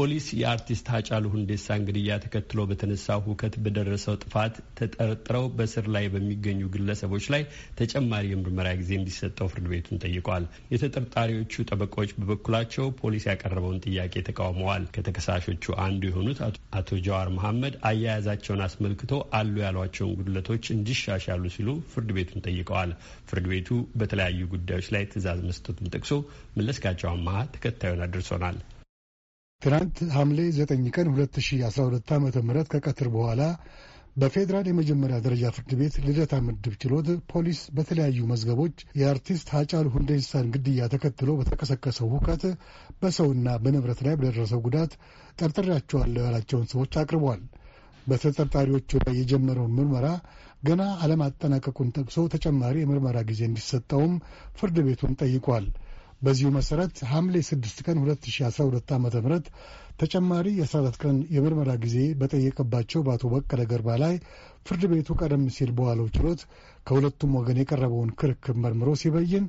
ፖሊስ የአርቲስት ሀጫሉ ሁንዴሳን ግድያ ተከትሎ በተነሳው ሁከት በደረሰው ጥፋት ተጠርጥረው በስር ላይ በሚገኙ ግለሰቦች ላይ ተጨማሪ የምርመራ ጊዜ እንዲሰጠው ፍርድ ቤቱን ጠይቋል። የተጠርጣሪዎቹ ጠበቆች በበኩላቸው ፖሊስ ያቀረበውን ጥያቄ ተቃውመዋል። ከተከሳሾቹ አንዱ የሆኑት አቶ ጀዋር መሐመድ አያያዛቸውን አስመልክቶ አሉ ያሏቸውን ጉድለቶች እንዲሻሻሉ ሲሉ ፍርድ ቤቱን ጠይቀዋል። ፍርድ ቤቱ በተለያዩ ጉዳዮች ላይ ትዕዛዝ መስጠቱን ጠቅሶ መለስካቸው አማሃ ተከታዩን አድርሶናል። ትናንት ሐምሌ 9 ቀን 2012 ዓ ም ከቀትር በኋላ በፌዴራል የመጀመሪያ ደረጃ ፍርድ ቤት ልደታ ምድብ ችሎት ፖሊስ በተለያዩ መዝገቦች የአርቲስት ሀጫሉ ሁንዴሳን ግድያ ተከትሎ በተቀሰቀሰው ሁከት በሰውና በንብረት ላይ በደረሰው ጉዳት ጠርጥሬያቸዋለሁ ያላቸውን ሰዎች አቅርቧል። በተጠርጣሪዎቹ ላይ የጀመረውን ምርመራ ገና አለማጠናቀቁን ጠቅሶ ተጨማሪ የምርመራ ጊዜ እንዲሰጠውም ፍርድ ቤቱን ጠይቋል። በዚሁ መሰረት ሐምሌ 6 ቀን 2012 ዓ ም ተጨማሪ የ14 ቀን የምርመራ ጊዜ በጠየቀባቸው በአቶ በቀለ ገርባ ላይ ፍርድ ቤቱ ቀደም ሲል በዋለው ችሎት ከሁለቱም ወገን የቀረበውን ክርክር መርምሮ ሲበይን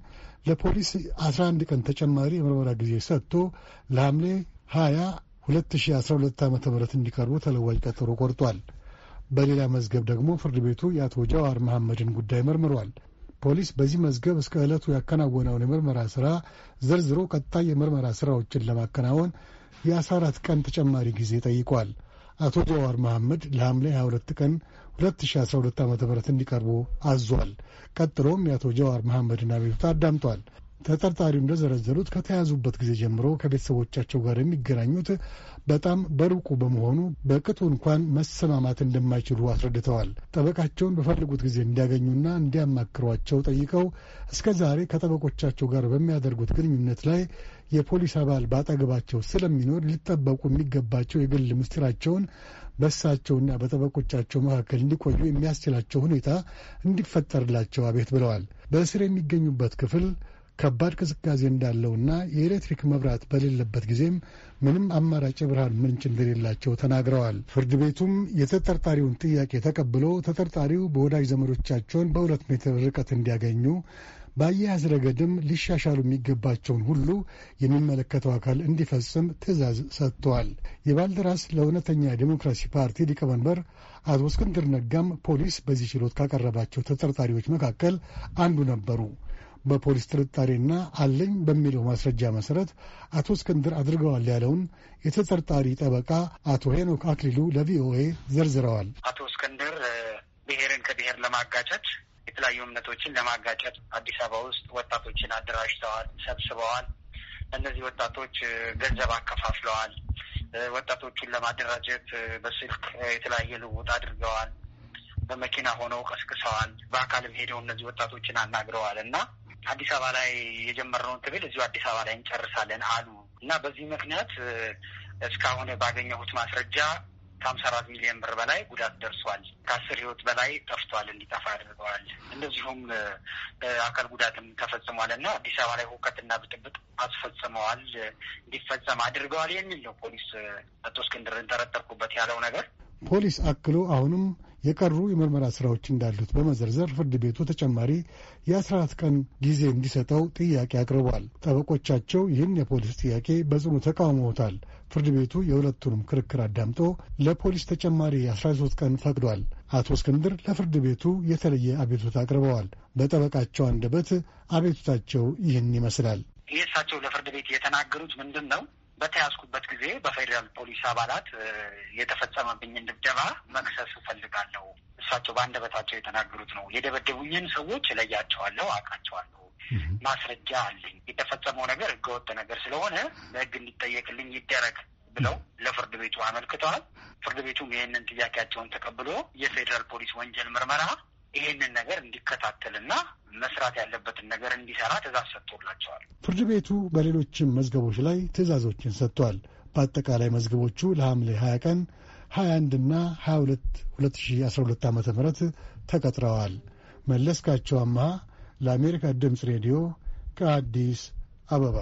ለፖሊስ 11 ቀን ተጨማሪ የምርመራ ጊዜ ሰጥቶ ለሐምሌ 20 2012 ዓ ም እንዲቀርቡ ተለዋጭ ቀጠሮ ቆርጧል። በሌላ መዝገብ ደግሞ ፍርድ ቤቱ የአቶ ጃዋር መሐመድን ጉዳይ መርምሯል። ፖሊስ በዚህ መዝገብ እስከ ዕለቱ ያከናወነውን የምርመራ ስራ ዘርዝሮ ቀጣይ የምርመራ ስራዎችን ለማከናወን የ14 ቀን ተጨማሪ ጊዜ ጠይቋል። አቶ ጀዋር መሐመድ ለሐምሌ 22 ቀን 2012 ዓ ም እንዲቀርቡ አዟል። ቀጥሎም የአቶ ጀዋር መሐመድን አቤቱታ አዳምጧል። ተጠርጣሪው እንደዘረዘሩት ከተያዙበት ጊዜ ጀምሮ ከቤተሰቦቻቸው ጋር የሚገናኙት በጣም በሩቁ በመሆኑ በቅጡ እንኳን መሰማማት እንደማይችሉ አስረድተዋል። ጠበቃቸውን በፈልጉት ጊዜ እንዲያገኙና እንዲያማክሯቸው ጠይቀው እስከ ዛሬ ከጠበቆቻቸው ጋር በሚያደርጉት ግንኙነት ላይ የፖሊስ አባል በአጠገባቸው ስለሚኖር ሊጠበቁ የሚገባቸው የግል ምስጢራቸውን በእሳቸውና በጠበቆቻቸው መካከል እንዲቆዩ የሚያስችላቸው ሁኔታ እንዲፈጠርላቸው አቤት ብለዋል። በእስር የሚገኙበት ክፍል ከባድ ቅዝቃዜ እንዳለውና የኤሌክትሪክ መብራት በሌለበት ጊዜም ምንም አማራጭ የብርሃን ምንጭ እንደሌላቸው ተናግረዋል። ፍርድ ቤቱም የተጠርጣሪውን ጥያቄ ተቀብሎ ተጠርጣሪው በወዳጅ ዘመዶቻቸውን በሁለት ሜትር ርቀት እንዲያገኙ በአያያዝ ረገድም ሊሻሻሉ የሚገባቸውን ሁሉ የሚመለከተው አካል እንዲፈጽም ትዕዛዝ ሰጥተዋል። የባልደራስ ለእውነተኛ ዴሞክራሲ ፓርቲ ሊቀመንበር አቶ እስክንድር ነጋም ፖሊስ በዚህ ችሎት ካቀረባቸው ተጠርጣሪዎች መካከል አንዱ ነበሩ። በፖሊስ ጥርጣሬና አለኝ በሚለው ማስረጃ መሰረት አቶ እስክንድር አድርገዋል ያለውን የተጠርጣሪ ጠበቃ አቶ ሄኖክ አክሊሉ ለቪኦኤ ዘርዝረዋል። አቶ እስክንድር ብሔርን ከብሔር ለማጋጨት የተለያዩ እምነቶችን ለማጋጨት አዲስ አበባ ውስጥ ወጣቶችን አደራጅተዋል፣ ሰብስበዋል። እነዚህ ወጣቶች ገንዘብ አከፋፍለዋል። ወጣቶቹን ለማደራጀት በስልክ የተለያየ ልውውጥ አድርገዋል። በመኪና ሆነው ቀስቅሰዋል። በአካልም ሄደው እነዚህ ወጣቶችን አናግረዋል እና አዲስ አበባ ላይ የጀመርነውን ትግል እዚሁ አዲስ አበባ ላይ እንጨርሳለን አሉ እና በዚህ ምክንያት እስካሁን ባገኘሁት ማስረጃ ከሀምሳ አራት ሚሊዮን ብር በላይ ጉዳት ደርሷል። ከአስር ህይወት በላይ ጠፍቷል፣ እንዲጠፋ አድርገዋል። እንደዚሁም አካል ጉዳትም ተፈጽሟል እና አዲስ አበባ ላይ ሁከትና ብጥብጥ አስፈጽመዋል፣ እንዲፈጸም አድርገዋል የሚል ነው ፖሊስ አቶ እስክንድር እንጠረጠርኩበት ያለው ነገር። ፖሊስ አክሎ አሁንም የቀሩ የምርመራ ስራዎች እንዳሉት በመዘርዘር ፍርድ ቤቱ ተጨማሪ የ14 ቀን ጊዜ እንዲሰጠው ጥያቄ አቅርቧል። ጠበቆቻቸው ይህን የፖሊስ ጥያቄ በጽኑ ተቃውመውታል። ፍርድ ቤቱ የሁለቱንም ክርክር አዳምጦ ለፖሊስ ተጨማሪ 13 ቀን ፈቅዷል። አቶ እስክንድር ለፍርድ ቤቱ የተለየ አቤቱታ አቅርበዋል። በጠበቃቸው አንደበት አቤቱታቸው ይህን ይመስላል። ይህ እሳቸው ለፍርድ ቤት የተናገሩት ምንድን ነው? በተያዝኩበት ጊዜ በፌዴራል ፖሊስ አባላት የተፈጸመብኝን ድብደባ መክሰስ እፈልጋለሁ። እሳቸው በአንደበታቸው የተናገሩት ነው። የደበደቡኝን ሰዎች እለያቸዋለሁ፣ አውቃቸዋለሁ፣ ማስረጃ አለኝ። የተፈጸመው ነገር ህገወጥ ነገር ስለሆነ በህግ እንዲጠየቅልኝ ይደረግ ብለው ለፍርድ ቤቱ አመልክተዋል። ፍርድ ቤቱም ይህንን ጥያቄያቸውን ተቀብሎ የፌዴራል ፖሊስ ወንጀል ምርመራ ይሄንን ነገር እንዲከታተልና መስራት ያለበትን ነገር እንዲሰራ ትእዛዝ ሰጥቶላቸዋል። ፍርድ ቤቱ በሌሎችም መዝገቦች ላይ ትእዛዞችን ሰጥቷል። በአጠቃላይ መዝገቦቹ ለሐምሌ 20 ቀን 21 እና 22 2012 ዓ ም ተቀጥረዋል። መለስካቸው አማሃ ለአሜሪካ ድምፅ ሬዲዮ ከአዲስ አበባ